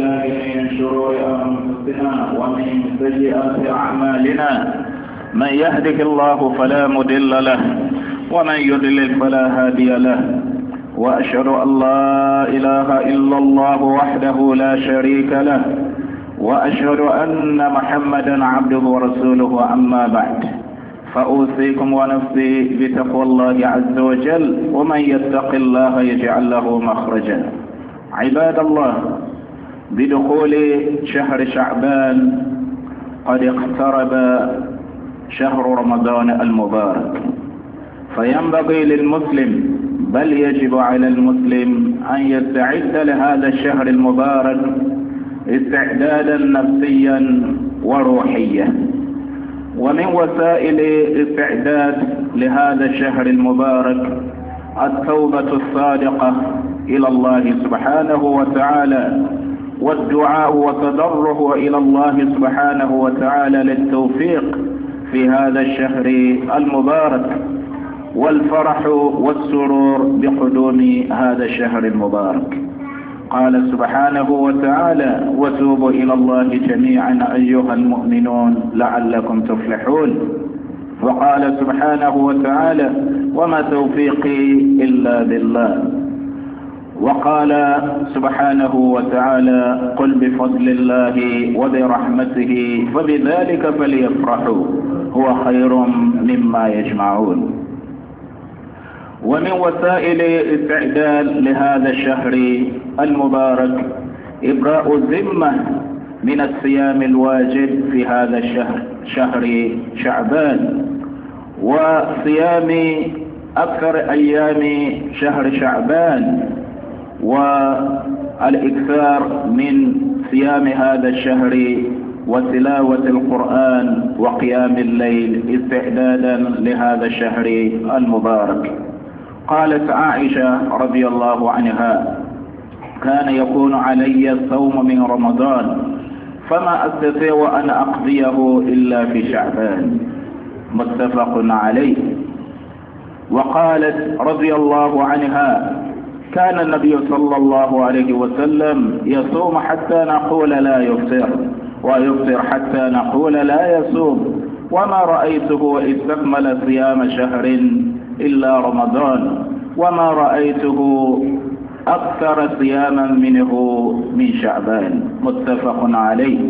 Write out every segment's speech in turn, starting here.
بالله من شرور أنفسنا ومن سيئات أعمالنا من يهدك الله فلا مدل له ومن يدلل فلا هادي له وأشهد أن لا إله إلا الله وحده لا شريك له وأشهد أن محمدا عبده ورسوله أما بعد فأوصيكم ونفسي بتقوى الله عز وجل ومن يتق الله يجعل له مخرجا عباد الله بدخول شهر شعبان قد اقترب شهر رمضان المبارك فينبغي للمسلم بل يجب على المسلم أن يستعد لهذا الشهر المبارك استعدادا نفسيا وروحيا ومن وسائل استعداد لهذا الشهر المبارك التوبة الصادقة إلى الله سبحانه وتعالى والدعاء والتضرع إلى الله سبحانه وتعالى للتوفيق في هذا الشهر المبارك والفرح والسرور بقدوم هذا الشهر المبارك قال سبحانه وتعالى وتوبوا إلى الله جميعا أيها المؤمنون لعلكم تفلحون وقال سبحانه وتعالى وما توفيقي إلا بالله وقال سبحانه وتعالى قل بفضل الله وبرحمته فبذلك فليفرحوا هو خير مما يجمعون ومن وسائل استعداد لهذا الشهر المبارك إبراء الذمة من الصيام الواجب في هذا الشهر شهر شعبان وصيام أكثر أيام شهر شعبان والإكثار من صيام هذا الشهر وتلاوة القرآن وقيام الليل استعدادا لهذا الشهر المبارك قالت عائشة رضي الله عنها كان يكون علي الصوم من رمضان فما أستطيع أن أقضيه إلا في شعبان متفق عليه وقالت رضي الله عنها كان النبي صلى الله عليه وسلم يصوم حتى نقول لا يفطر ويفطر حتى نقول لا يصوم وما رأيته استكمل صيام شهر إلا رمضان وما رأيته أكثر صياما منه من شعبان متفق عليه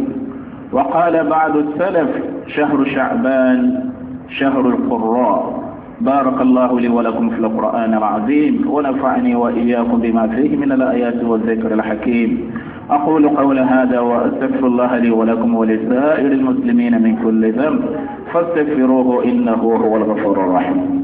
وقال بعض السلف شهر شعبان شهر القراء بارك الله لي ولكم في القرآن العظيم ونفعني وإياكم بما فيه من الآيات والذكر الحكيم أقول قول هذا وأستغفر الله لي ولكم ولسائر المسلمين من كل ذنب فاستغفروه إنه هو الغفور الرحيم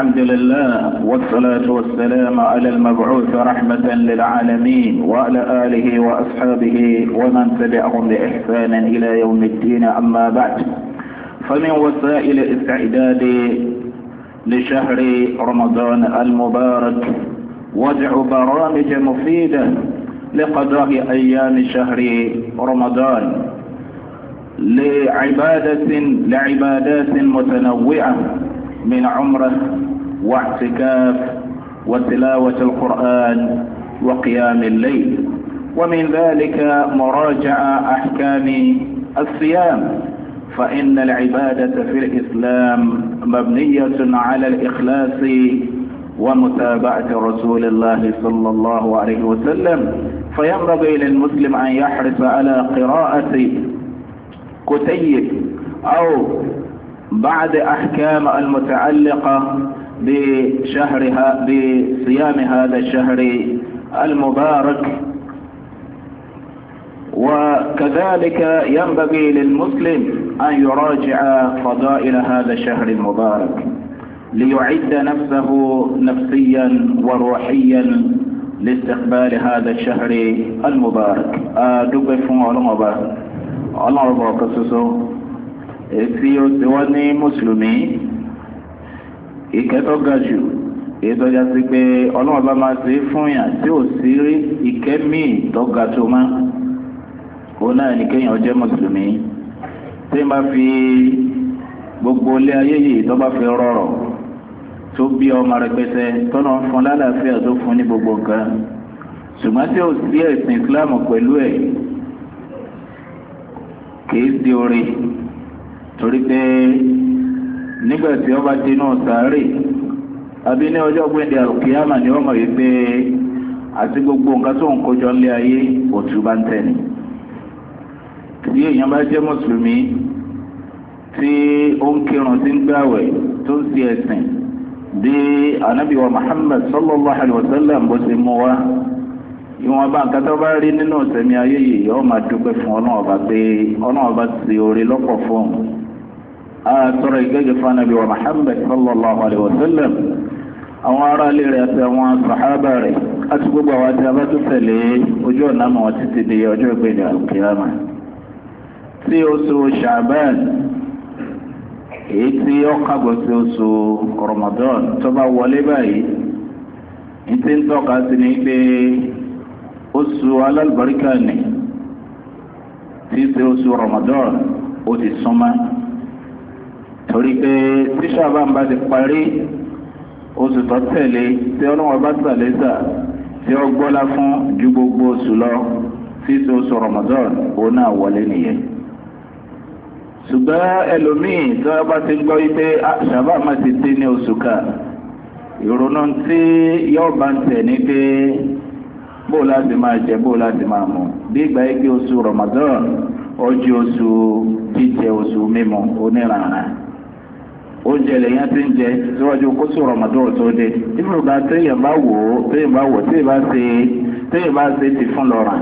الحمد لله والصلاة والسلام على المبعوث رحمة للعالمين وعلى آله وأصحابه ومن تبعهم بإحسان إلى يوم الدين أما بعد فمن وسائل استعداد لشهر رمضان المبارك وضع برامج مفيدة لقضاء أيام شهر رمضان لعبادة لعبادات متنوعة من عمره واعتكاف وتلاوة القرآن وقيام الليل ومن ذلك مراجعة أحكام الصيام فإن العبادة في الإسلام مبنية على الإخلاص ومتابعة رسول الله صلى الله عليه وسلم فينبغي للمسلم أن يحرص على قراءة كتيب أو بعد أحكام المتعلقة بشهرها بصيام هذا الشهر المبارك وكذلك ينبغي للمسلم أن يراجع فضائل هذا الشهر المبارك ليعد نفسه نفسيا وروحيا لاستقبال هذا الشهر المبارك أدب آه، فون الله الله èsì ó ti wọ́n ní mùsùlùmí ìkẹ́ ga jù èyí já sí pé ọlọ́run bá máa ṣe é fún yàn tí ò sí rí ìkẹ́ míì tó ga tó má òun náà ní kéèyàn jẹ́ mùsùlùmí tí n bá fi gbogbo ilé ayé yìí tó bá fi rọrọ̀ tó bí ọmọ rẹpẹtẹ tọ́nà fún lálàáfíà tó fún ní gbogbo nǹkan ṣùgbọ́n tí ò sí ẹ̀sìn Islam pẹ̀lú ẹ̀ kì í di orin. torí pé nígbà tí wọ́n ti inú sàárè àbí ní ọjọ́ ni wọ́n mọ̀ wípé àti gbogbo nǹkan tó ń kójọ ńlé ayé òtún ń tẹ̀lé tí èèyàn bá jẹ́ mùsùlùmí tí ó ń kírun tí ń gbàwẹ̀ tó ń ṣe ẹ̀sìn bí ànábì wa Muhammad sallallahu alayhi ba ri mú wa ìwọ̀n bá nǹkan tó bá rí nínú ìsẹ̀mí ayé yìí máa dúpẹ́ àtọrọ ìgbẹ́jọ fanabi wa Muhammad sallallahu alayhi wa sallam àwọn ará ilé rẹ̀ àti àwọn sàhábà rẹ̀ àti gbogbo àwọn àti abá tó tẹ̀lé ojú ọ̀nà àmọ́ wọn títí di ọjọ́ ìgbẹ́jọ alùkìyàmà tí oṣù Sha'ban èyí tí ó kàgbọ́ sí oṣù Ramadan tó bá wọlé báyìí ní tí ń tọ́ka sí ni pé oṣù alálùbáríkà ni tí ṣe oṣù Ramadan ó ti súnmọ́ torí pé tíṣà bá ń bá ti parí oṣù tó tẹ̀lé tí ọlọ́wọ́ bá tẹ̀lé sà tí ó gbọ́lá fún ju gbogbo oṣù lọ sísun oṣù Ramadan òun náà wọlé nìyẹn ṣùgbọ́n ẹlòmíì tí wọ́n bá ti gbọ́ wípé ah, ṣàbá máa ti dé ní oṣù ká ìrònú tí yóò bá ń tẹ̀ ní pé bó láti máa jẹ bó láti máa mú bí ìgbà yìí pé oṣù Ramadan ọjọ́ oṣù jíjẹ oṣù mímu onírànràn. oúnjẹ lèyàn ti ń jẹ síwájú kóso ramadan tó dé ibùdó bá téèyàn bá wò ó téèyàn bá wò ó téèyàn bá ṣe téèyàn bá ṣe ti fún lọ́ra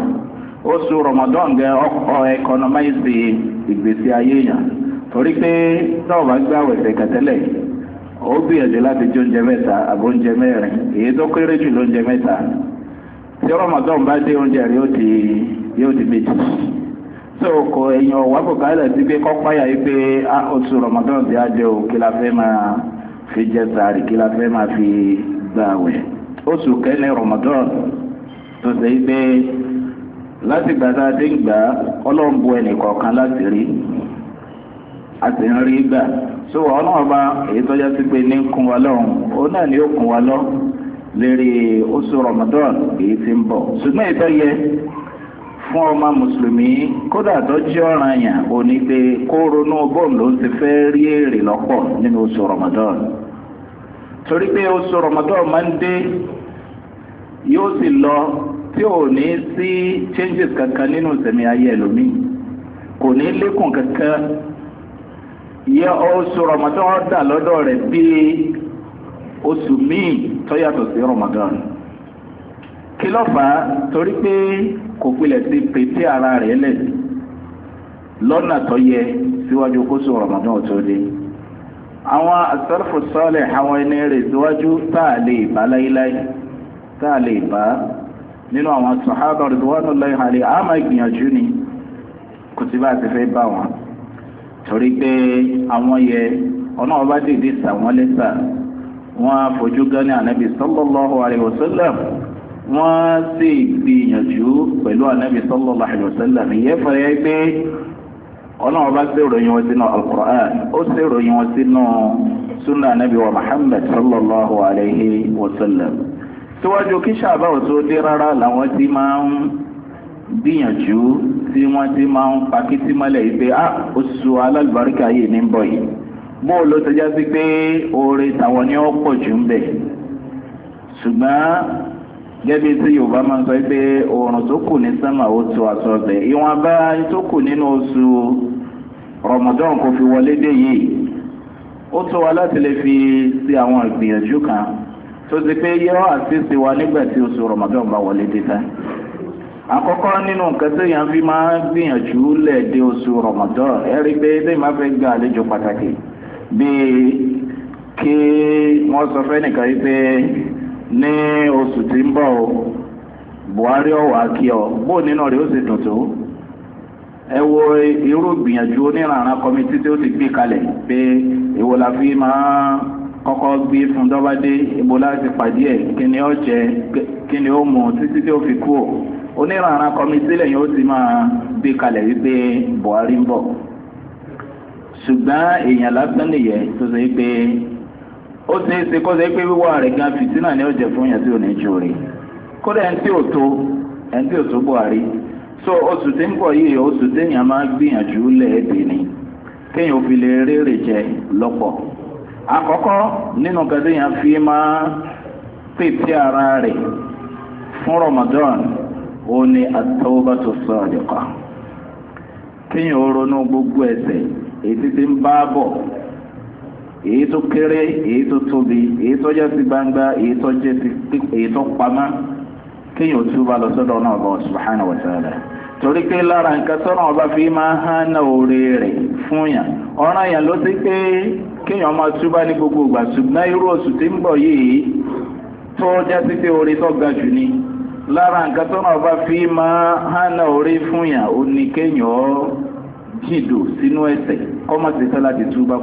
oṣù ramadan gẹ ọkọ ẹkọnọmáìsì ìgbésí ayé yàn torí pé táwọn bá gbé àwẹ̀ ẹ̀sẹ̀ kẹtẹ́lẹ̀ ó gbìyànjú láti jẹ oúnjẹ mẹ́ta àbí oúnjẹ mẹ́rin èyí tó kéré jù lóúnjẹ mẹ́ta tí ramadan bá dé oúnjẹ rẹ yóò di méjì. so kò èèyàn wà bùkálẹ̀ sí pé kọ́páyà yìí pé ah, oṣù Ramadan ti ajo o kí la fẹ́ máa fi jẹ sàárì kí la fẹ́ máa fi gbààwẹ̀ oṣù kẹlẹ̀ Ramadan tó ṣe láti gbà tá a ti ń gbà ẹnì kọ̀ọ̀kan láti rí a ń rí gbà so èyí tó yẹ sí pé ní kún wa lọ́hùn òun náà ni ó kún wa lọ lérí oṣù Ramadan èyí ti ń bọ̀ ṣùgbọ́n ìtọ́ yẹ fún ọmọ mùsùlùmí kódà tó jẹ́ ọ̀ranyàn ò ní pé kó ronú bóun ló ń ti fẹ́ rí èrè lọ́pọ̀ nínú oṣù Ramadan torí pé oṣù Ramadan máa ń dé yóò sì lọ tí ò ní sí changes kankan nínú ìsẹ̀mí ayé ẹlòmíì kò ní lékùn kankan yẹ oṣù Ramadan dà lọ́dọ̀ rẹ̀ bíi oṣù míì tó yàtọ̀ sí Ramadan. kí torí pé kò pilẹ̀ sí pété ara rẹ̀ lẹ̀ lọ́nà tó yẹ síwájú kóso Ramadan tó dé àwọn asarfu àwọn ẹni rẹ̀ síwájú tá lè bá láíláí tá lè bá nínú àwọn sàhábà ridwanullahi alayhi a máa ni kò sí bá ti fẹ́ bá wọn torí pé àwọn yẹ ọ̀nà ọba dìde sàwọn lẹ́sà wọn fojú gánà ànábì sallallahu wọ́n sì gbìyànjú pẹ̀lú anábì sallallahu alaihi wasallam ìyẹ́ fẹ́rẹ́ pé ọlọ́run bá sí ìròyìn wọn sínú al-Qur'an ó sí ìròyìn wọn sínú sunna anábì wa Muhammad sallallahu alaihi wasallam síwájú kí ṣàbáwò tó dé rárá làwọn ti máa ń gbìyànjú tí wọ́n ti máa ń pakítí mọ́lẹ̀ yìí pé ah oṣù alágbàríkà yìí ní bọ̀ yìí bó ló ṣe já sí pé oore tàwọn ni ó pọ̀ jù ń bẹ̀ ṣùgbọ́n gẹ́bí tí yorùbá máa ń sọ pé oòrùn tó kù ní sánmà ó tu aṣọ ọbẹ̀ ìwọ̀nba tó kù nínú oṣù rọmọdán kò fi wọlé dé yìí ó tó wa láti lè fi ṣe àwọn ìgbìyànjú kan tó ti pé yọ àṣìṣe wa nígbà tí oṣù rọmọdán bá wọlé dé tán àkọ́kọ́ nínú nǹkan tó yàn fi máa gbìyànjú lẹ́ẹ̀dẹ́ oṣù rọmọdán ẹ rí pé bí màá fẹ́ gba àlejò pàtàkì bíi kí wọ́n sọ fẹ́ nìkan yìí pé. ní oṣù tí ń bọ̀ o buhari ọ̀wà kí ọ bó nínú rẹ̀ ó sì dùn tó ẹ wo irú gbìyànjú oníranran kọmitì tí ó ti gbé kalẹ̀ pé èwo la fi máa kọ́kọ́ gbé fún dọ́bádé ibo láti pàdé ẹ̀ kí ni ó jẹ kí ni mu títí tí ó fi kú o kọmitì ti máa gbé kalẹ̀ buhari ń bọ̀ ṣùgbọ́n èèyàn lásán nìyẹn tó ṣe ó ti é ṣe kó pé wíwá rẹ̀ gan fìtínà ni ó jẹ fún yẹn tí ò ní tí ò tó buhari so oṣù tí ń bọ̀ yìí oṣù téèyàn máa gbìyànjú ni kéèyàn ò fi lè rérè jẹ lọ́pọ̀ àkọ́kọ́ nínú fi máa pèsè Ramadan ó ní kéèyàn ó ronú gbogbo ti èyí tó kéré èyí tóbi èyí jẹ́ sí gbangba èyí jẹ́ sí èyí pamá kéèyàn tún bá lọ sọ́dọ̀ náà bọ̀ subhanahu wa torí pé lára nǹkan ọba fi máa hàn náà oore rẹ̀ fún ọ̀ràn yàn ló ti pé kéèyàn máa túbá ní gbogbo ìgbà ṣùgbọ́n irú oṣù tí ń bọ̀ yìí tó ni lára nǹkan ọba fi máa náà ti túbá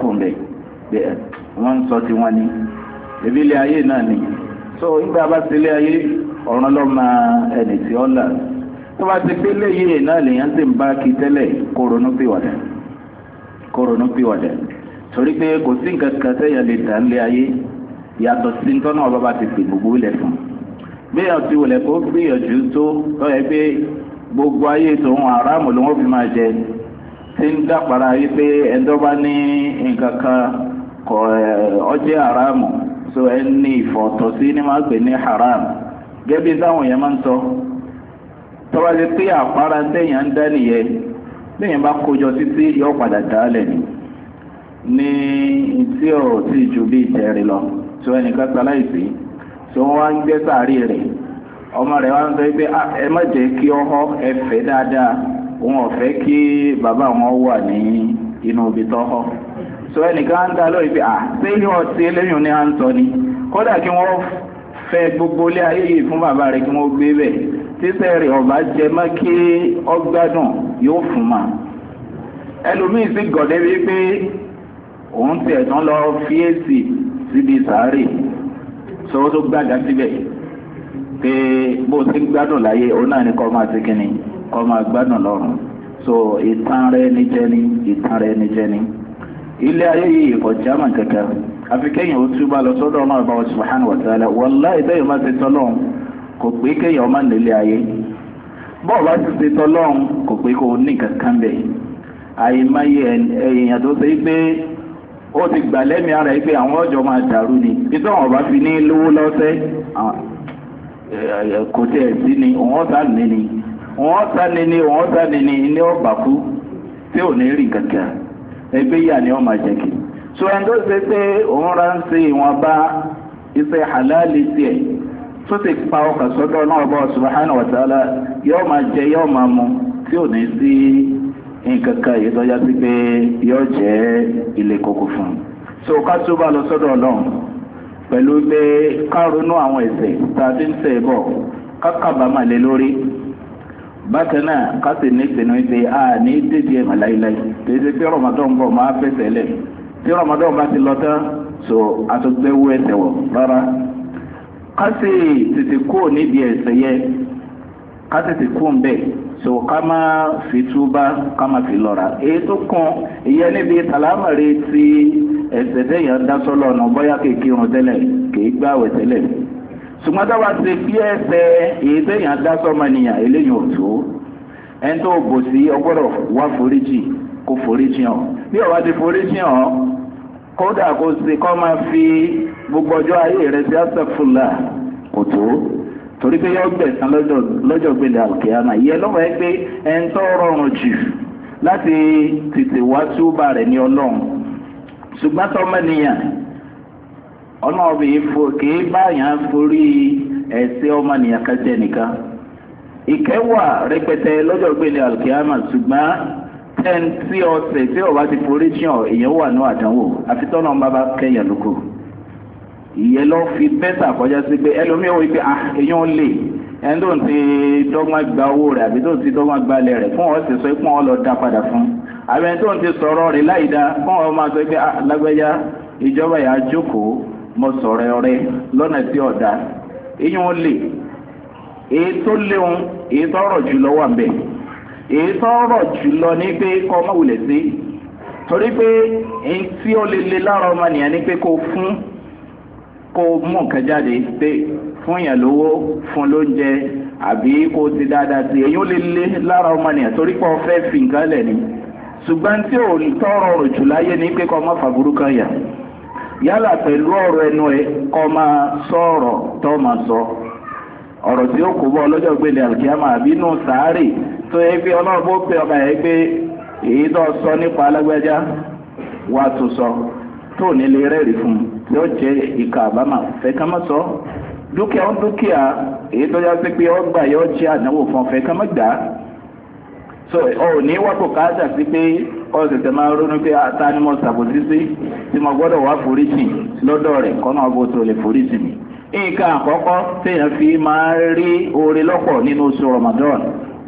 Eh, wọ́n ń sọ ti wọ́n ebi ilé ayé náà ni so ìgbà bá ti ilé ayé ọ̀ràn tí ó là tó bá ti pé léyìí náà lèèyàn ti ń bá kí tẹ́lẹ̀ kó ronú torí pé kò sí nǹkan kan lè dà ńlé ayé yàtọ̀ sí tọ́nà ọba bá ti pè gbogbo ilẹ̀ fún ti wọlé kó gbìyànjú tó pé gbogbo ayé fi máa jẹ ti ń dàpàrà pé ẹ̀dọ́ kọ ọjẹ́ haramu so ẹni ìfọ̀tọ̀sí ni máa pè ní haram gẹ́bí táwọn èèyàn máa ń sọ tọ́wọ́ ti pé àpárá ń dá nìyẹn bá kójọ títí yọ padà dálẹ̀ ni ní tí ò tí ju bí ìjẹrin lọ so sọ láìsí wọ́n wá ń gbé rẹ̀ ọmọ rẹ̀ wá ń sọ pé ah, ẹ má jẹ́ kí ẹ fẹ́ dáadáa òun kí bàbá wọn wà ní inú ibi sọ ẹnìkan ń dá lórí pé à ṣé yíò ọtí eléyìn ní à ń sọ ni kódà kí wọ́n fẹ́ gbogbo ilé ayé yìí fún bàbá rẹ̀ kí wọ́n gbé bẹ̀ títẹ̀ rẹ̀ ọ̀bá jẹ mọ́ kí ọgbádùn yóò fún ma ẹlòmíì sì gọ̀dẹ́ bíi pé òun tiẹ̀ tán lọ fi síbi sàárè sọ́wọ́ tó gbàgà síbẹ̀ pé bó ti gbádùn láyé òun náà ni kọ́ máa ti kíni kọ́ máa gbádùn lọ́rùn so ìtàn rẹ̀ níjẹ́ni ìtàn rẹ̀ níjẹ́ni. ilé ayé yìí ọ̀já mà kankan àfi kéèyàn ó túbà lọ sọ́dọ̀ ọmọ ọba subhanahu wa ta'ala wallahi ìbẹ́yìn má ti tọ́lọ́run kò pé kéèyàn má nílé ayé bọ́ọ̀ bá ti ti tọ́lọ́run kò pé kò ní kankan bẹ̀ àyèmáyé èèyàn tó ṣe pé ó ti gbà lẹ́mí ara yìí pé àwọn ọjọ́ máa ni títí àwọn ọba fi ní lówó lọ́sẹ̀ kò sí ni òun ọ̀sà òun ọ̀sà òun ẹgbẹ́ yà ni wọ́n ma je so ẹni site pé òun ise ń iṣẹ́ halali tiẹ̀ tó ti pa ọkà sọ́dọ̀ náà bọ́ subhanahu wa ta'ala yóò jẹ mu tí ò ní sí nǹkan kan yìí tọ́já sí pé jẹ́ ilé koko fún un. so ká tó bá lọ sọ́dọ̀ ọlọ́run pẹ̀lú pé ká ronú àwọn ẹ̀ṣẹ̀ ń bákan náà ká ní ìpinnu pé a ní dédì ẹ̀ màláìláì kì í ṣe pé rọmọdún bọ̀ máa fẹsẹ̀ lẹ̀ tí rọmọdún bá ti lọ tán so àtúgbẹ́wò ẹsẹ̀ wọ̀ rárá ká sì tètè kó nídìí ẹsẹ̀ yẹ ká tètè kó ń bẹ̀ so ká má fi túbá ká má fi lọ́ra èyí tó kàn ìyẹn níbi tàlámàrí ti ẹsẹ̀ tẹ̀yàn dá sọ́lọ́ọ̀nà bóyá kéèké irun tẹ́lẹ̀ kéè gbá àwẹ̀ tẹ́lẹ̀ ṣùgbọ́n táwa ṣe fi ẹsẹ̀ èyí tẹ̀yàn dá sọ́mọnìyàn eléyìí ò tó ẹni tó bò sí ọgbọ́dọ̀ wá foríjì kó foríjì hàn bí ọ̀wá ti foríjì hàn kódà kó ṣe kọ́ máa fi gbogbo ọjọ́ ayé rẹ̀ sí àṣẹfúlà kò tó torí pé yọ gbẹ̀sán lọ́jọ́ gbélé àlùkìyàmà ìyẹn lọ́wọ́ ẹ pé ẹni tó jù láti tètè wá túbà rẹ̀ ní ọlọ́run ṣùgbọ́n tọ́mọ́nìyàn ọlọ́ọ̀bì kì í báyàn forí ẹ̀sẹ̀ ọmọnìyàn kẹsẹ̀ nìkan ìkẹ́ wà rẹpẹtẹ lọ́jọ́ gbélé alkiyama ṣùgbọ́n tẹ́ǹ tí ọ̀sẹ̀ tí ọba ti forí tiàn èèyàn wà ní àdánwò àfitọ́nà bàbá kẹyàn lóko ìyẹn lọ fi bẹ́tà kọjá sí pé ẹlòmíì wọ́n pé ah, èèyàn lè ẹni tó ń ti dọ́gba gba owó rẹ̀ àbí tó ń ti dọ́gba gba ilẹ̀ rẹ̀ fún ọ̀sẹ̀ sọ pé wọ́n lọ dá padà fún àbẹ̀ tó ń ti sọ̀rọ̀ rẹ̀ láì dá fún ọ̀ máa sọ pé ah, lágbẹ́já ìjọba yà á jókòó mo sọ̀rọ̀ ọ̀rẹ́ lọ́nà tí ọ̀dà eyín wọn lè èyí tó léwu èyí tó rọ̀ jùlọ wà mbẹ̀ èyí tó rọ̀ jùlọ ní pé kọ́ ọmọ wulẹ̀ sí torí pé èyí tí ó lè le lára ọmọ nìyẹn ni pé kó fún kó mú nǹkan jáde pé fún yẹn lówó fún lóúnjẹ àbí kó ti dáadáa sí èyí ó lè le lára ọmọ nìyẹn torí pé ọ fi nǹkan lẹ̀ ni ṣùgbọ́n tí ò tọrọ rò jù láyé ni pé kọ́ ọmọ fàbúrú kan yà. yálà pẹ̀lú ọ̀rọ̀ ẹnu ẹ kọ́ máa sọ ọ̀rọ̀ máa sọ ọ̀rọ̀ tí ó kò bọ́ ọlọ́jọ́ gbélé alkiyama àbínú sàárè tó yẹ pé ọlọ́run bó pe ọba yẹ pé èyí tó sọ nípa alágbájá wà tó fún tí ó jẹ́ ìka àbámà fẹ́ sọ dúkìá dúkìá èyí tó yá sí pé ọgbà yóò jẹ́ àdánwò fún so ọ ní wọ́pọ̀ káàtà sí pé ọ̀sẹ̀tẹ̀ máa ronú pé ata ni mo ṣàbòsí sí tí mo gbọ́dọ̀ wá foríjì lọ́dọ̀ rẹ̀ kọ́nà ọbọ̀ tó lè foríjì mi. nǹkan àkọ́kọ́ téèyàn fi máa rí oore lọ́pọ̀ nínú oṣù Ramadan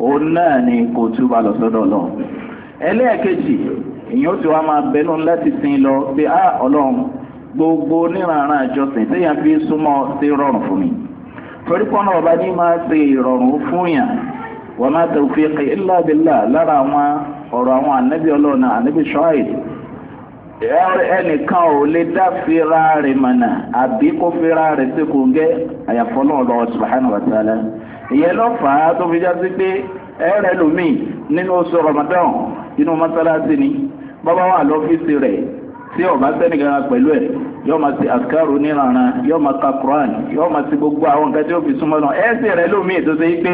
òun náà ni kò túbà lọ sọ́dọ̀ lọ. ẹlẹ́ẹ̀kejì èèyàn ti wá máa bẹnu láti sin lọ pé ọlọ́run gbogbo níranran àjọsìn téèyàn fi súnmọ́ sí rọrùn fún mi. torí pọ́nà ọba wa ma tawfiqi illa billah lára àwọn ọ̀rọ̀ àwọn ànábì ọlọ́ọ̀nà ànábì ṣọ́ọ̀ìd ẹnìkan ò lè dá fira rẹ̀ mọ̀nà àbí kó fira rẹ̀ sí kò ń gẹ́ àyàfọ́ náà lọ́wọ́ subhanahu wa ta'ala ìyẹn lọ fà á tó fi já sí pé ẹ̀rẹ̀ lómi nínú oṣù Ramadan inú mọ́sálásí ni bàbá wà lọ́fíìsì rẹ̀ tí ọba sẹ́nìkan pẹ̀lú ẹ̀ yóò máa ti àkàrò nílànà yóò máa ka Quran yóò máa ti gbogbo àwọn nǹkan tí ó fi súnmọ́ náà ẹ̀ẹ́sì rẹ̀ lómi ètò sí pé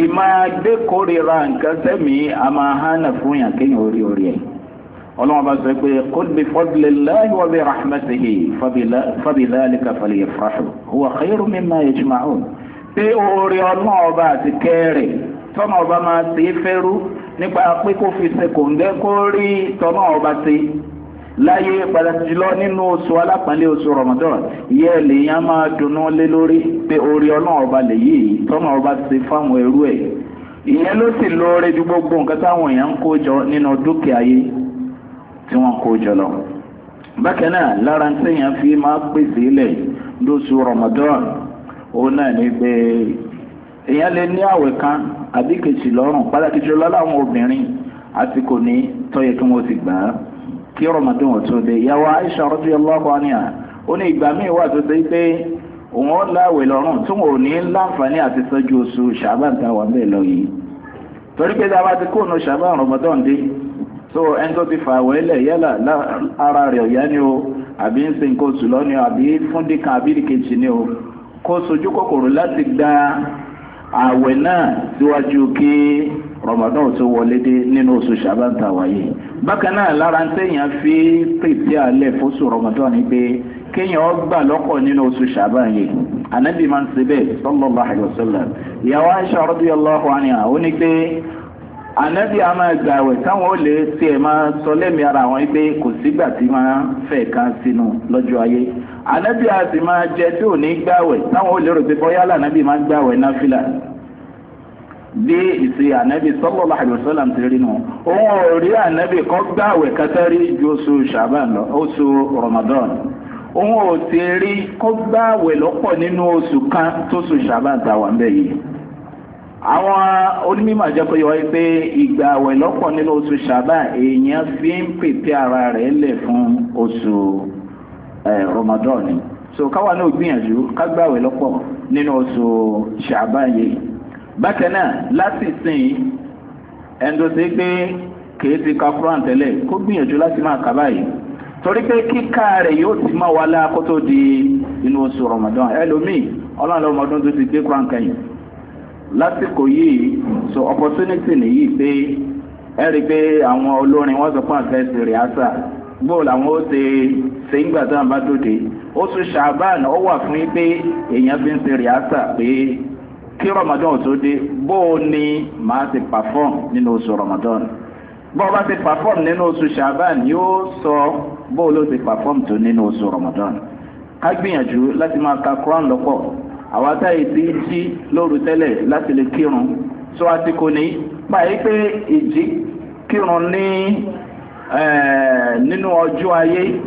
ìmọ̀ adékòrira nǹkan sẹ́mi a máa hánà fún yàn kéèyàn orí orí ẹ̀ ọlọ́run bá sọ pé qul bi fadlillahi wa bi rahmatihi fabidhalika falyafrahu huwa khayru mimma yajma'un pé orí ọlọ́run ọba àti kẹ́rẹ̀ tọ́nà ọba máa ṣe fẹ́rú nípa pé kó fi ṣe kòǹgẹ́ kó rí tọ́nà ọba ṣe láyé pàtàkì jùlọ nínú oṣù alápọ̀nlé oṣù Ramadan yẹ lèèyàn máa dunnú lé lórí pé orí ọlọ́run ọba lèyí tọ́nà ọba ti fáwọn ẹrú ẹ̀ ìyẹn ló sì lóore ju gbogbo nǹkan táwọn èèyàn ń kó jọ nínú dúkìá yìí tí wọ́n kó jọ lọ bákan náà lára ń tẹ̀yàn fi máa pèsè ilẹ̀ lóṣù Ramadan òun náà ni pé èèyàn lè ní àwẹ̀ kan àbí kejì lọ́rùn pàtàkì jùlọ láwọn obìnrin àsìkò ní tọ́yẹ kí wọ́n ti gbà á kí ramadan wọ́n tó dé ìyàwó aisha radiyallahu anha ó ní ìgbà míì wà tó dé pé òun ó láwẹ̀ lọ́rùn tí wọn ò ní láǹfààní àti sọ́jú oṣù ṣàbán wà bẹ́ẹ̀ lọ yìí torí pé dábàá ti kóònù ṣàbán ramadan dé so ẹni tó ti fà wẹ́lẹ̀ yálà ara rẹ̀ ọ̀yá ni o àbí ń sin nǹkan oṣù lọ́ni o àbí fúndì kan àbí ìkejì ni o kó sojú kòkòrò láti gba àwẹ̀ náà síwájú kí Ramadan tó wọlé dé nínú oṣù Ṣàbán tá wáyé bákan náà lára ń tẹ̀yàn fi pèpè alẹ́ fóṣù Ramadan ni pé kéèyàn gbà lọ́kọ̀ nínú oṣù Ṣàbán yìí anabi máa ń ṣe bẹ́ẹ̀ sallallahu alaihi wasallam ìyàwó Aisha radiyallahu anha ó ní pé anabi a máa gbà wẹ̀ táwọn ó lè tiẹ̀ máa sọ lẹ́mìí ara wọn pé kò sígbà tí máa fẹ̀ kan sínú lọ́jọ́ ayé anabi a sì máa jẹ tí ò ní gbà wẹ̀ táwọn ó lérò pé bí ìsì ànábì sallallahu alaihi wasallam ti rí nù òun ò rí ànábì kọ́ gbààwẹ̀ kẹtẹ́rí ju oṣù ṣàbàn lọ oṣù Ramadan òun ò ti rí kó gbààwẹ̀ lọ́pọ̀ nínú oṣù kan tó oṣù ṣàbàn ta wà ń bẹ̀ yìí àwọn onímọ̀ àjẹkọ̀ yọ wáyé pé ìgbà àwẹ̀ lọ́pọ̀ nínú oṣù ṣàbàn èèyàn fi ń pèpè ara rẹ̀ lẹ̀ fún oṣù Ramadan so káwa náà gbìyànjú ká gbààwẹ̀ lọ́pọ̀ nínú oṣù ṣàbàn yìí bákan náà lásìsìn ẹni tó ti ka Quran tẹ́lẹ̀ kó gbìyànjú láti máa kà báyìí torí pé kíkà rẹ̀ yóò ti máa wà di inú oṣù Ramadan ẹlòmíì ọlọ́run lọ́mọdún tó ti gbé Quran kẹyìn lásìkò yìí so opportunity nìyí pé ẹ rí i pé àwọn olórin wọn sọ fún àfẹsẹ rẹ àṣà gbóòlù àwọn ó ṣe ṣe ń gbà tó àwọn bá ó wà fún yín pé èèyàn fi ń kí Ramadan tó dé bó o ní màá ti perform nínú oṣù Ramadan bó o bá ti perform nínú oṣù Shaban yóò sọ bó o ló ti perform tó nínú oṣù Ramadan ká gbìyànjú láti máa ka Quran lọ́pọ̀ àwọn atáyé ti jí lóru tẹ́lẹ̀ láti lè kírun sọ àsìkò ní pàyí pé ìjí kírun ní nínú ọjọ́ ayé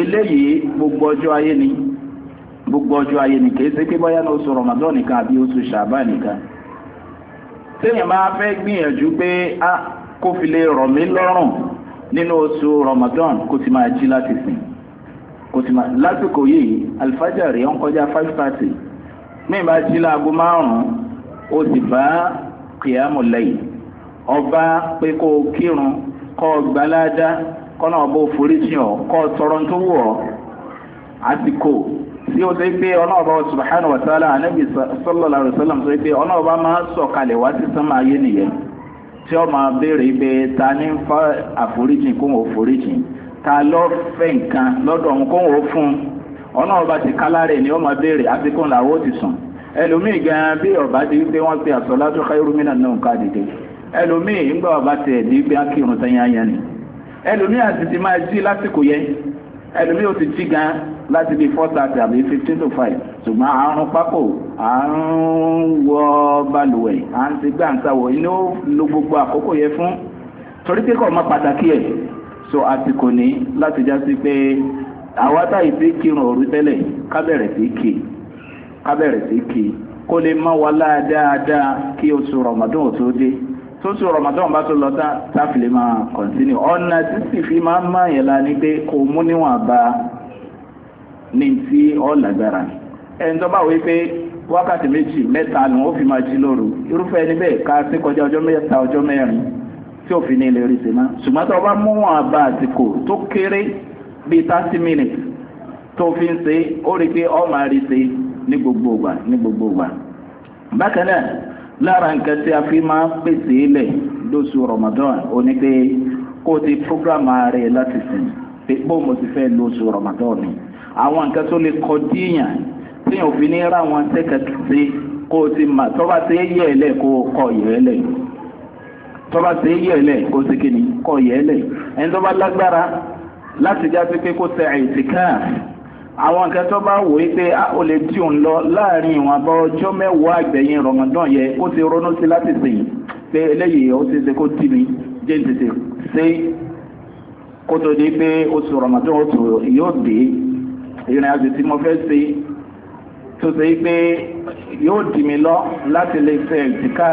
eléyìí gbogbo ọjọ́ ayé ni. gbogbo ọjọ́ ayé nìkan ẹ pé bóyá ní oṣù Ramadan nìkan àbí oṣù ṣàbá nìkan téèyàn bá fẹ́ gbìyànjú pé a ah, kó fi lè rọ̀ mí lọ́rùn nínú oṣù Ramadan kò ti máa jí láti sìn máa lásìkò yìí alifájàre kọjá five thirty mí bá jí láago márùn-ún ọba pé kó o kírun kó o gbaládá tọrọ tó wù tí ó sọ pé ọba subhanahu wa ta'ala ànábì sallallahu alaihi wasallam sọ pé ọba máa sọ̀kalẹ̀ wá sí sánmà ayé nìyẹn tí ó máa bèèrè pé ta ní fa kó wọn ò ta lọ fẹ́ nǹkan lọ́dọ̀ òun kó fún un ti ni ó máa àfikún ti sùn ẹlòmíì gan bí ọba ti wípé wọ́n ẹlòmí ò ti tí gan láti bí four thirty àbí fifteen to five ṣùgbọ́n àrùn pápò àrùn wọ balùwẹ̀ à ń ti gbà ń sáwọ̀ inú lo gbogbo àkókò yẹn fún torí pé kò mọ pàtàkì ẹ̀ so àsìkò ní láti já sí pé àwa táyì sí kírun òru tẹ́lẹ̀ ká bẹ̀rẹ̀ sí kì ká bẹ̀rẹ̀ sí kì kó lè mọ́ wa láadáadáa kí oṣù rọ̀mọdún ò dé. tóṣù rọmọdún bá tó lọ táfìlì máa kọ̀ntínú ọ̀nà tí fi máa ń máa la ni pé kò mú níwọ̀n bá ní ti ọ̀làgbára ẹni tó bá wí pé wákàtí méjì mẹ́ta ni wọ́n fi máa jí lóru irúfẹ́ ẹni ká sí kọjá ọjọ́ mẹ́ta ọjọ́ mẹ́rin tí òfin ní ilé ṣùgbọ́n tó bá mú wọn àsìkò fi ọ máa rí i ṣe ní gbogbo ìgbà ní lára nǹkan tí a fi máa ń pèsè ilẹ̀ lóṣù Ramadan ó ní pé kó o ti programme ààrẹ láti sìn pé bóun mo ti fẹ́ lóṣù Ramadan ni àwọn nǹkan tó lè kọ díyàn tí òfin ní ra wọn sẹ́kẹ̀tì kó o ti mà tọ́ba ṣe é yẹ ẹ lẹ̀ kó o kọ yẹ ẹ lẹ̀ tọ́ba ṣe yẹ ẹ lẹ̀ kó o ṣe kìnnì kọ yẹ ẹ lẹ̀ ẹni tọ́ba lágbára láti já sí pé kó o ṣe àìsíkáà àwọn nǹkan tó bá wò ó pé ah, ó lè tí òun lọ láàrin ìwọ̀n abọ́ ọjọ́ mẹ́wàá àgbẹ̀yìn rọ̀mọ̀dán yẹ ó ti ronú sí láti sìn pé eléyìí ó ti ṣe kó tì mí jẹ́ tètè ṣe kó tó di pé oṣù rọ̀mọ̀dán oṣù yóò dé ìrìn àjò tí mo fẹ́ ṣe tó ṣe pé yóò dì mí lọ láti lè ṣe ẹ̀ǹtìkà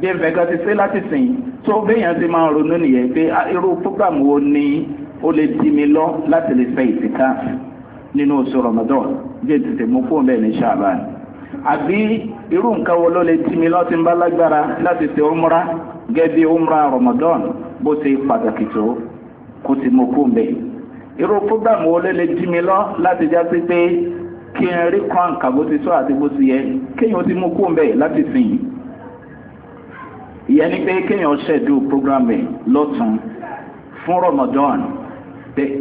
bí ẹ̀fẹ̀ kan ti ṣe láti sìn tó béèyàn ti máa ronú nìyẹn pé ah, irú program wo ni ó lè dì mí lọ láti lè ṣe ẹ̀ǹtìkà nínú oṣù Ramadan jẹ́ tètè mú fún bẹ́ẹ̀ ní ṣàbàn àbí irú nǹkan wo ló lè tí mi lọ́ti ń bá lágbára láti ṣe umra gẹ́gẹ́ umra Ramadan bó ṣe pàtàkì tó kó ti mú fún bẹ́ẹ̀ irú program wo ló lè tí mi lọ láti já sí pé kí n rí kan nǹkan bó ti sọ àti bó ti yẹ kéèyàn ti mú fún bẹ́ẹ̀ láti sìn ìyẹn ni pé kéèyàn ṣẹ̀dú program lọ́tún fún Ramadan bẹ́ẹ̀.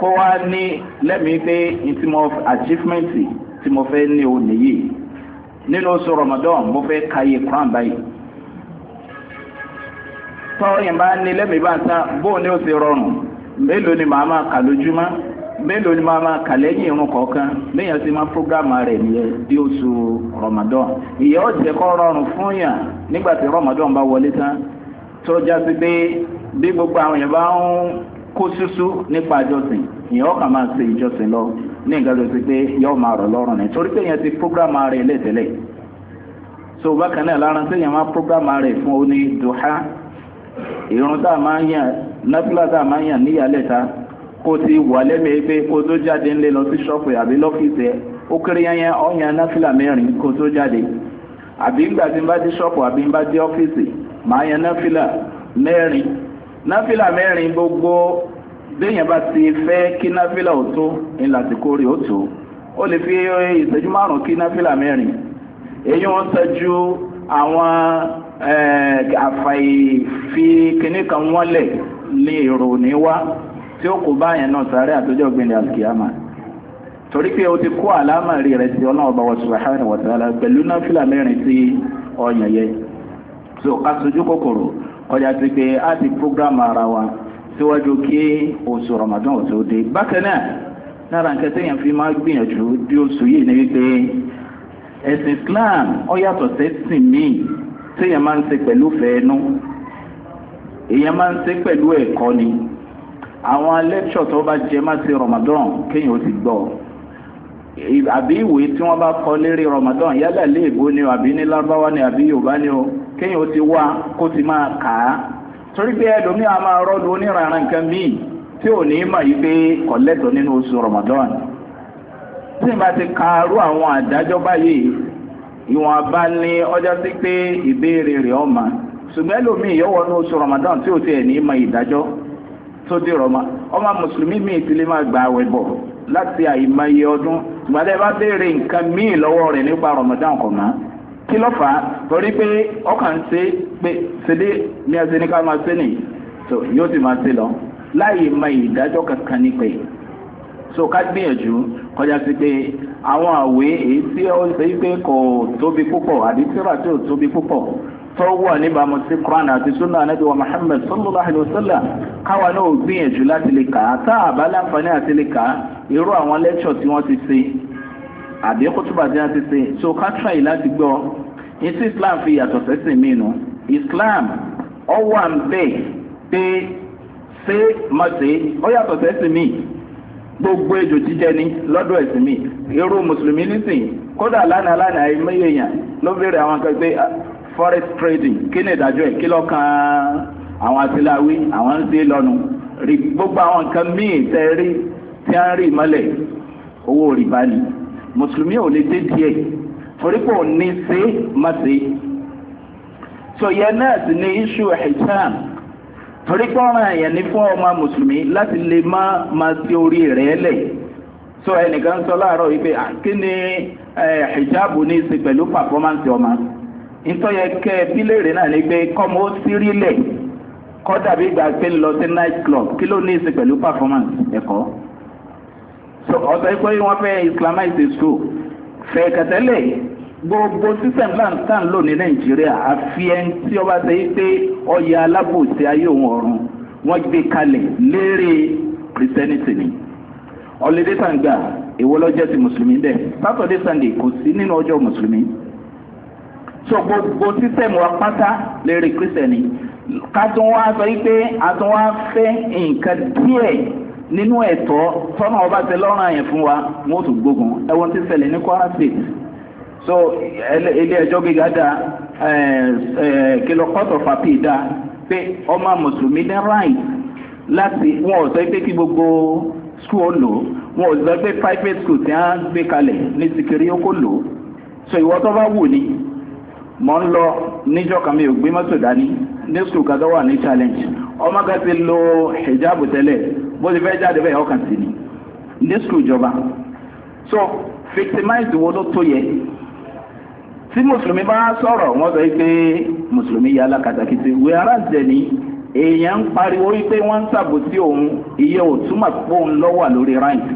kó wá ní lẹ́mìí pé ìtìmọ̀ achievement tí mo fẹ́ ní o nìyí nínú oṣù Ramadan mo fẹ́ kàyé Quran báyìí tọ́yìn bá ní lẹ́mìí bá ń tán bóun ni o ti rọrùn mélòó ni màá máa kà lójúmọ́ ni máa kà lẹ́yìn irun kọ̀ọ̀kan máa rẹ̀ nìyẹn bí oṣù Ramadan ìyẹ́ ó rọrùn fún yàn nígbà tí Ramadan bá wọlé tán tó gbogbo àwọn kó ṣúṣú nípa ìjọsìn ìyẹn ọkà máa ṣe ìjọsìn lọ ní nǹkan tó ṣe pé yóò máa rọ̀ lọ́rùn ní torí pé yẹn ti program ara rẹ̀ lẹ́tẹ̀lẹ̀ so bákan náà lára tí yẹn máa program ara rẹ̀ fún oní duha ìrun tá a máa ń yàn náfìlà tá a máa ń yàn níyàlẹ́ta kó ti wà lẹ́mìí pé kó tó jáde ńlẹ̀ lọ sí ṣọ́ọ̀pù àbí lọ́fíìsì ẹ̀ ó kéré yẹn ọ̀yàn náfìlà mẹ́rin kó tó jáde àbí ńgbà tí ń bá dé ṣọ́ọ̀pù àbí ń bá dé ọ́fíìsì màá yàn náfìlà mẹ́rin náfìlà mẹ́rin gbogbo déèyàn bá ti fẹ́ kí náfìlà ò tó ní lásìkò rí ó tó ó lè fi ìṣẹ́jú márùn-ún kí náfìlà mẹ́rin èyí wọ́n ṣẹ́jú àwọn àfàìfi kìnnì kan wọ́lẹ̀ lè rò ní wá tí ó kò báyẹn náà sáré àtọ́jọ́ ọ̀gbìnrin alkiyama torí pé o ti kó àlámà rí rẹ sí ọlọ́run ọba subhanahu wa pẹ̀lú náfìlà mẹ́rin sí ọyàn yẹn so aṣojú kòkòrò ọjà ti pé a ti program ara wa síwájú kí oṣù Ramadan ò tó dé bákan náà lára nǹkan tẹ́yàn fi máa gbìyànjú bí oṣù yìí ni wípé ẹ̀sìn Islam ó yàtọ̀ sẹ́sìn míì tẹ́yàn máa ń ṣe pẹ̀lú fẹ́ẹ́nú èèyàn máa ń ṣe pẹ̀lú ẹ̀kọ́ ni àwọn lẹ́kṣọ̀ tó bá jẹ má ti Ramadan kéèyàn ó ti gbọ́ àbí ìwé tí wọ́n bá kọ lérí Ramadan yálà léèbó ni àbí ní lárúbáwá ni àbí Yorùbá ni o. kéèyàn o ti wá kó ti máa kà á torí pé a máa rọ́ọ̀lù onírànà nǹkan míì tí ò ní mọ̀ yí pé kọ̀lẹ́tọ̀ nínú oṣù Ramadan tí n ti ka arú àwọn àdájọ́ báyìí ìwọ̀n bá ní ọjọ́ sí pé ìbéèrè rẹ̀ ọ̀ma ṣùgbọ́n oṣù Ramadan tí ò tiẹ̀ ní mọ̀ ìdájọ́ tó dé rọ̀mà ọmọ mùsùlùmí míì ti lè máa gba àwẹ̀ bọ̀ láti àìmọye ọdún ìgbàdẹ́ bá béèrè nǹkan míì lọ́wọ́ rẹ̀ nípa Ramadan kí ló fà á torí pé ọkàn ṣe pé ṣedé ní ẹsẹ ní ká máa ṣe nì so yóò sì máa ṣe lọ láàyè ma ìdájọ́ kankan ní pé so ká gbìyànjú kọjá sí pé àwọn àwé èyí tí ó ṣe pé kò tóbi púpọ̀ àbí tíra tí ò tóbi púpọ̀ tó wà níbàámu sí Quran àti sunnah anabi wa Muhammad sallallahu alayhi wa sallam káwa náà gbìyànjú láti lè kà á tá àbá láǹfààní àti lè kà á irú àwọn lẹ́kṣọ̀ tí wọ́n ti ṣe àbí kótóbà tí a ti ṣe so ká try láti gbọ́ etí islam fi yàtọ̀ sẹ́sìn mí nu islam ọwọ́ à ń bẹ̀ pé ṣé má ṣe ó yàtọ̀ sẹ́sìn mí gbogbo ejò jíjẹ ni lọ́dọ̀ ẹ̀sìn mi irú mùsùlùmí nísìnyí kódà lánàá lánàá ẹ̀mẹ́yẹ yẹn ló béèrè àwọn kan pé ah, forex trading kí ni ìdájọ́ ẹ̀ kí ló kan àwọn atiláwí àwọn ń ṣe lọ́nu gbogbo àwọn nǹkan míì tẹ́ rí tí a ń rí ìmọ́lẹ̀ owó rìbá ni mùsùlùmí ò lè dé díẹ̀ torípò ní ṣe má ṣe sọ̀yẹ náà sì ní iṣu ẹ̀sán torípò ọ̀ràn èèyàn ní fún ọmọ mùsùlùmí láti lè má máa ṣe orí rẹ̀ lẹ̀ sọ ẹnìkan sọ láàárọ̀ wípé kí ni hijabu ní í ṣe pẹ̀lú pàfọ́mánsì ọmọ ìtọ́yẹ kẹ bíléèrè náà ni pé kọ́mọ ó sírí lẹ̀ kọ́ dàbí ìgbà pé ń lọ sí night club kí ló ní í pẹ̀lú pàfọ́mánsì ẹ̀kọ́ so ọ̀sẹ̀ pé wọ́n fẹ́ islamize school fẹ́ kẹtẹ́lẹ̀ gbogbo system plan stand lò ní nàìjíríà àfi ẹni tí ọba ṣe yí pé ọyẹ alábòsí ayé òun ọ̀run wọ́n gbé kalẹ̀ léèrè christianity ni ọ̀lẹ́dẹ́ tàǹgbà èwo ti mùsùlùmí bẹ́ẹ̀ saturday sunday kò sí nínú ọjọ́ mùsùlùmí so gbogbo system wa pátá léèrè christian ni ká tún wá sọ yí pé a tún nǹkan díẹ̀ nínú ẹ̀tọ́ tọ́nà ọba tẹ lọ́rùn àyẹ̀ fún wa wọ́n tún gbógun ẹwọ́n ti ṣẹlẹ̀ ní Kwara State so ilé ẹjọ́ gíga dá kìlọ̀ court of appeal dá pé ọmọ mùsùlùmí ní right láti wọn ò sọ pé kí gbogbo school lò wọn ò sọ pé private school ti á gbé kalẹ̀ ní sikiri ó lò so ìwọ tó bá wù ni mọ̀ ń lọ níjọ́ kan mi ò gbé mọ́tò dání ní school kan tó wà ní challenge ọmọ kan ti lo hijab tẹ́lẹ̀ bó ti fẹ́ jáde bẹ́ẹ̀ ọkàn sí ni ní sùkúl ìjọba so victimize wo ló tó yẹ tí mùsùlùmí bá sọ̀rọ̀ wọ́n sọ pé mùsùlùmí yà alákatakítí wíwárà jẹ̀ni èèyàn ń pariwo wípé wọ́n ń sàbòsí òun iye òtúmọ̀ fóun lọ́wọ́ lórí ráǹtì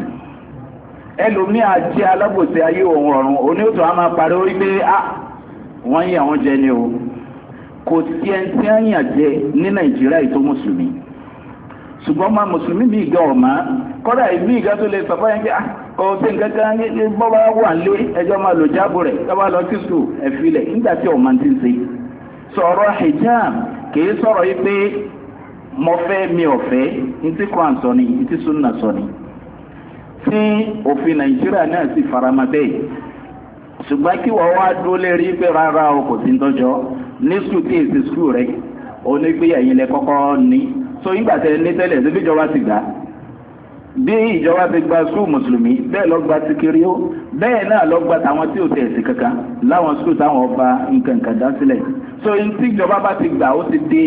ẹlòmí àti alábòsí ayé òun ọ̀run oníwòtò a máa pariwo wípé a ah, wọ́n yàn wọ́n jẹ ni o kò sí ẹni yàn jẹ ní nàìjíríà ètò mùsùlùmí ṣùgbọ́n máa mùsùlùmí bí ìgbà ọ̀má kọ́dà ìbí ìgbà tó lè sọ fáyẹ́ pé à ah, kò sí nǹkan kan ní bọ́ bá wà lé ẹjọ́ máa lò jáàbù rẹ̀ tọ́ba lọ sí sùn ẹ̀filẹ̀ nígbà tí ọ̀mà ti ń ṣe sọ̀rọ̀ hijab kìí sọ̀rọ̀ yìí pé mo fẹ́ mi ò fẹ́ ntí kan sọ ni ntí sunna sọ ni tí òfin nàìjíríà náà fara farama bẹ́ẹ̀ ṣùgbọ́n kí wọ́n wá dúró lérí pé rárá o kò sí ń tọ́jọ́ ní sùkúù tí èsì rẹ̀ onígbéyàwó yẹn lẹ kọ́kọ́ ní so nígbà tẹ ní tẹ́lẹ̀ tó bíjọba ti gbà bí ìjọba ti gba skul mùsùlùmí bẹ́ẹ̀ lọ gba ti kiri ó bẹ́ẹ̀ náà lọ gba tàwọn tí ò tẹ̀ sí kankan láwọn skul táwọn ọba nǹkan dá sílẹ̀ so tí ìjọba bá ti gbà ó ti di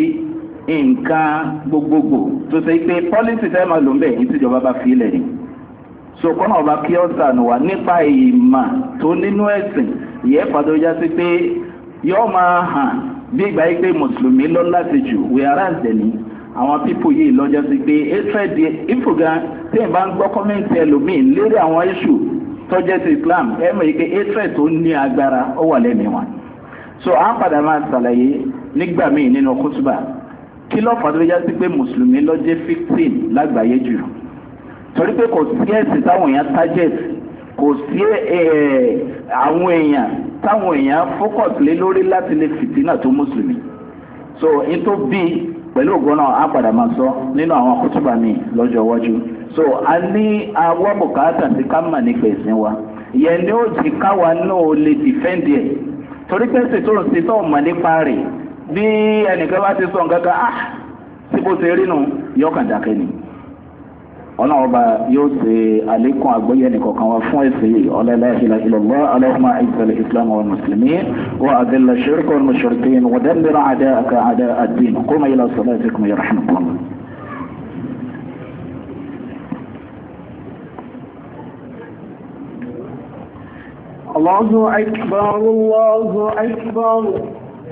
nǹkan gbogbogbò tó ṣe pé pọ́lísì tẹ́ máa lò ń bẹ̀ ní tíjọba bá fi ilẹ̀ ni so kọ́nà ọba kí ọ́ sànù wá nípa ìmọ̀ tó nínú ẹ̀sìn ìyẹ́ pàtó já sí pé yọ́ máa hàn bí ìgbà yìí pé mùsùlùmí lọ láti jù wíyàrá ìdẹ̀ni àwọn pípò yìí lọ́jọ́ sí pé efẹ́dì ìfògà tí n bá ń gbọ́ kọ́mẹ́ǹtì ẹlòmíì lérí àwọn iṣu tọ́jẹ́ ti Islam ẹ mọ̀ ike efẹ́ tó ní agbára ó wà lẹ́nu wọn. so à ń padà máa ṣàlàyé nígbà míì nínú kútùbà kí ló fà tó yá sí pé mùsùlùmí lọ́jẹ́ fifteen lágbàáyé jù torí pé kò sí ẹ̀sìn táwọn èèyàn target kò sí àwọn èèyàn táwọn èèyàn focus lé lórí láti lè fìtínà tó mùsùlùmí so n tó bíi pẹ̀lú ògbọ́n náà á padà máa sọ nínú àwọn kútùbà mi lọ́jọ́ iwájú so a ní awọ́ bùkátà sí ká mà nípa ẹ̀sìn wa ìyẹn ni ó ti káwa náà lè dìfẹ́ǹdì ẹ̀ torí pé ṣètò tó tó mọ̀ nípa rẹ̀ bí ẹnìkan bá ti sọ nǹkan kan ah síbo ti rí nu yọkàn dákẹ́ ni. ọlọ́run ọba yóò ṣe àlékún àgbóyè nìkọ̀kan wa fún ẹ̀sìn yìí ọlọ́láhìlá ìlọ́lá aláhùnmá ìsẹ̀lẹ̀ islam wa mùsùlùmí wa àdìlà ṣẹ́ríkọ̀ mùsùlùmí wa dẹ́mbẹ̀rẹ̀ àdá àká àdá àdín kó máa yẹ lọ́sọ̀rọ̀ ẹ̀sìn kùmọ̀ yàrá hàn kùmọ̀. الله أكبر الله أكبر